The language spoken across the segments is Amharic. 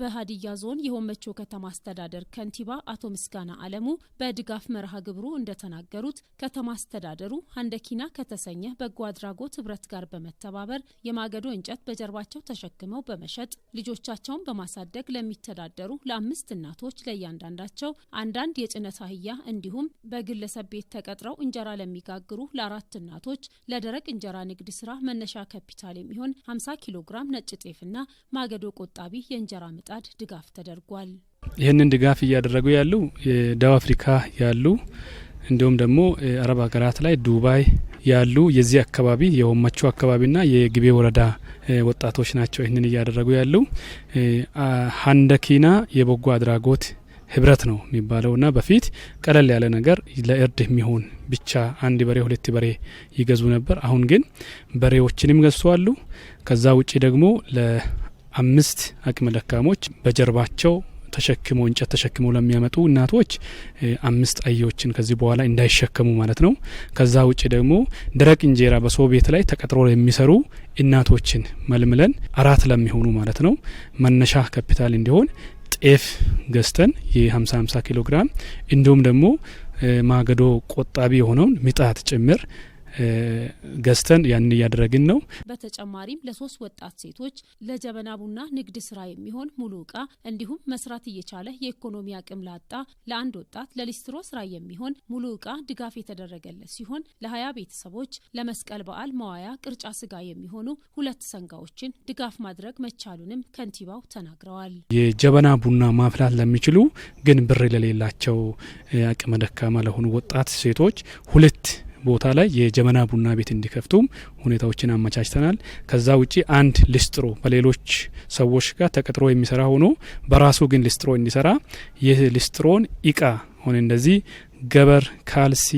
በሀዲያ ዞን የሆመቾ ከተማ አስተዳደር ከንቲባ አቶ ምስጋና አለሙ በድጋፍ መርሃ ግብሩ እንደተናገሩት ከተማ አስተዳደሩ ሀንደኪና ከተሰኘ በጎ አድራጎት ህብረት ጋር በመተባበር የማገዶ እንጨት በጀርባቸው ተሸክመው በመሸጥ ልጆቻቸውን በማሳደግ ለሚተዳደሩ ለአምስት እናቶች ለእያንዳንዳቸው አንዳንድ የጭነት አህያ እንዲሁም በግለሰብ ቤት ተቀጥረው እንጀራ ለሚጋግሩ ለአራት እናቶች ለደረቅ እንጀራ ንግድ ስራ መነሻ ካፒታል የሚሆን 50 ኪሎ ግራም ነጭ ጤፍና ማገዶ ቆጣቢ የእንጀራ ለመጣድ ድጋፍ ተደርጓል። ይህንን ድጋፍ እያደረጉ ያሉ ደቡብ አፍሪካ ያሉ እንዲሁም ደግሞ አረብ ሀገራት ላይ ዱባይ ያሉ የዚህ አካባቢ የሆመቹ አካባቢና የግቤ ወረዳ ወጣቶች ናቸው። ይህንን እያደረጉ ያሉ ሀንደኪና የበጎ አድራጎት ህብረት ነው የሚባለውና በፊት ቀለል ያለ ነገር ለእርድ የሚሆን ብቻ አንድ በሬ ሁለት በሬ ይገዙ ነበር። አሁን ግን በሬዎችንም ገዝተዋሉ። ከዛ ውጭ ደግሞ አምስት አቅመ ደካሞች በጀርባቸው ተሸክሞ እንጨት ተሸክመው ለሚያመጡ እናቶች አምስት አህዮችን ከዚህ በኋላ እንዳይሸከሙ ማለት ነው። ከዛ ውጭ ደግሞ ደረቅ እንጀራ በሰው ቤት ላይ ተቀጥሮ የሚሰሩ እናቶችን መልምለን አራት ለሚሆኑ ማለት ነው መነሻ ካፒታል እንዲሆን ጤፍ ገዝተን የ50 50 ኪሎ ግራም እንዲሁም ደግሞ ማገዶ ቆጣቢ የሆነውን ምጣት ጭምር ገዝተን ያንን እያደረግን ነው። በተጨማሪም ለሶስት ወጣት ሴቶች ለጀበና ቡና ንግድ ስራ የሚሆን ሙሉ እቃ እንዲሁም መስራት እየቻለ የኢኮኖሚ አቅም ላጣ ለአንድ ወጣት ለሊስትሮ ስራ የሚሆን ሙሉ እቃ ድጋፍ የተደረገለት ሲሆን ለሀያ ቤተሰቦች ለመስቀል በዓል መዋያ ቅርጫ ስጋ የሚሆኑ ሁለት ሰንጋዎችን ድጋፍ ማድረግ መቻሉንም ከንቲባው ተናግረዋል። የጀበና ቡና ማፍላት ለሚችሉ ግን ብር ለሌላቸው አቅመ ደካማ ለሆኑ ወጣት ሴቶች ሁለት ቦታ ላይ የጀመና ቡና ቤት እንዲከፍቱም ሁኔታዎችን አመቻችተናል። ከዛ ውጪ አንድ ሊስትሮ በሌሎች ሰዎች ጋር ተቀጥሮ የሚሰራ ሆኖ በራሱ ግን ልስትሮ እንዲሰራ ይህ ልስትሮን ኢቃ ሆነ እንደዚህ ገበር፣ ካልሲ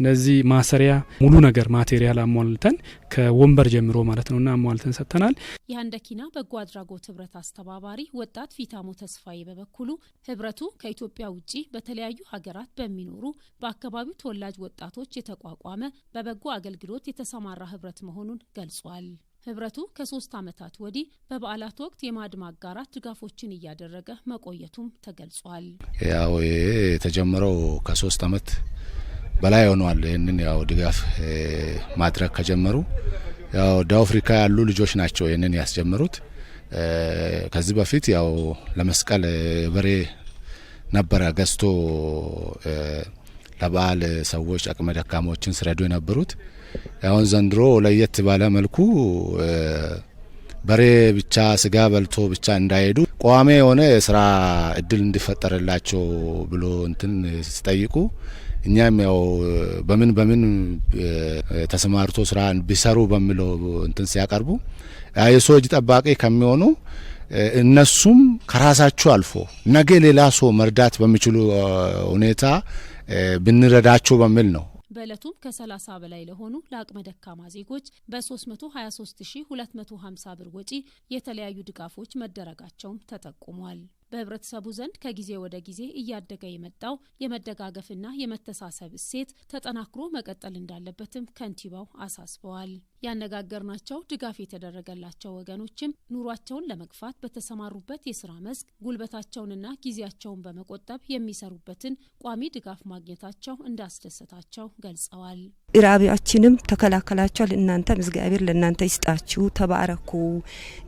እነዚህ ማሰሪያ ሙሉ ነገር ማቴሪያል አሟልተን ከወንበር ጀምሮ ማለት ነውና አሟልተን ሰጥተናል። የሀንደኪና በጎ አድራጎት ህብረት አስተባባሪ ወጣት ፊታሞ ተስፋዬ በበኩሉ ህብረቱ ከኢትዮጵያ ውጭ በተለያዩ ሀገራት በሚኖሩ በአካባቢው ተወላጅ ወጣቶች የተቋቋመ በበጎ አገልግሎት የተሰማራ ህብረት መሆኑን ገልጿል። ህብረቱ ከሶስት ዓመታት ወዲህ በበዓላት ወቅት የማዕድ አጋራት ድጋፎችን እያደረገ መቆየቱም ተገልጿል። ያው ይሄ የተጀመረው ከሶስት ዓመት በላይ ሆኗል። ይህንን ያው ድጋፍ ማድረግ ከጀመሩ ያው ደቡብ አፍሪካ ያሉ ልጆች ናቸው ይህንን ያስጀመሩት። ከዚህ በፊት ያው ለመስቀል በሬ ነበረ ገዝቶ ለበዓል ሰዎች አቅመ ደካሞችን ስረዱ የነበሩት አሁን ዘንድሮ ለየት ባለ መልኩ በሬ ብቻ ስጋ በልቶ ብቻ እንዳይሄዱ ቋሚ የሆነ የስራ እድል እንዲፈጠርላቸው ብሎ እንትን ሲጠይቁ እኛም ያው በምን በምን ተሰማርቶ ስራ ቢሰሩ በሚለው እንትን ሲያቀርቡ የሰው እጅ ጠባቂ ከሚሆኑ እነሱም ከራሳቸው አልፎ ነገ ሌላ ሰው መርዳት በሚችሉ ሁኔታ ብንረዳቸው በሚል ነው። በእለቱም ከ30 በላይ ለሆኑ ለአቅመ ደካማ ዜጎች በ323250 ብር ወጪ የተለያዩ ድጋፎች መደረጋቸውም ተጠቁሟል። በህብረተሰቡ ዘንድ ከጊዜ ወደ ጊዜ እያደገ የመጣው የመደጋገፍና የመተሳሰብ እሴት ተጠናክሮ መቀጠል እንዳለበትም ከንቲባው አሳስበዋል። ያነጋገርናቸው ድጋፍ የተደረገላቸው ወገኖችም ኑሯቸውን ለመግፋት በተሰማሩበት የስራ መስክ ጉልበታቸውንና ጊዜያቸውን በመቆጠብ የሚሰሩበትን ቋሚ ድጋፍ ማግኘታቸው እንዳስደሰታቸው ገልጸዋል። ራቢያችንም ተከላከላቸዋል። እናንተም እግዚአብሔር ለእናንተ ይስጣችሁ፣ ተባረኩ።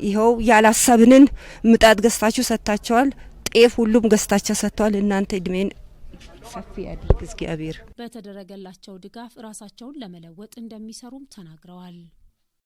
ይኸው ያላሰብንን ምጣድ ገዝታችሁ ሰጥታቸዋል። ጤፍ ሁሉም ገዝታቸው ሰጥተዋል። እናንተ እድሜን ሰፊ ያድርግ እግዚአብሔር። በተደረገላቸው ድጋፍ ራሳቸውን ለመለወጥ እንደሚሰሩም ተናግረዋል።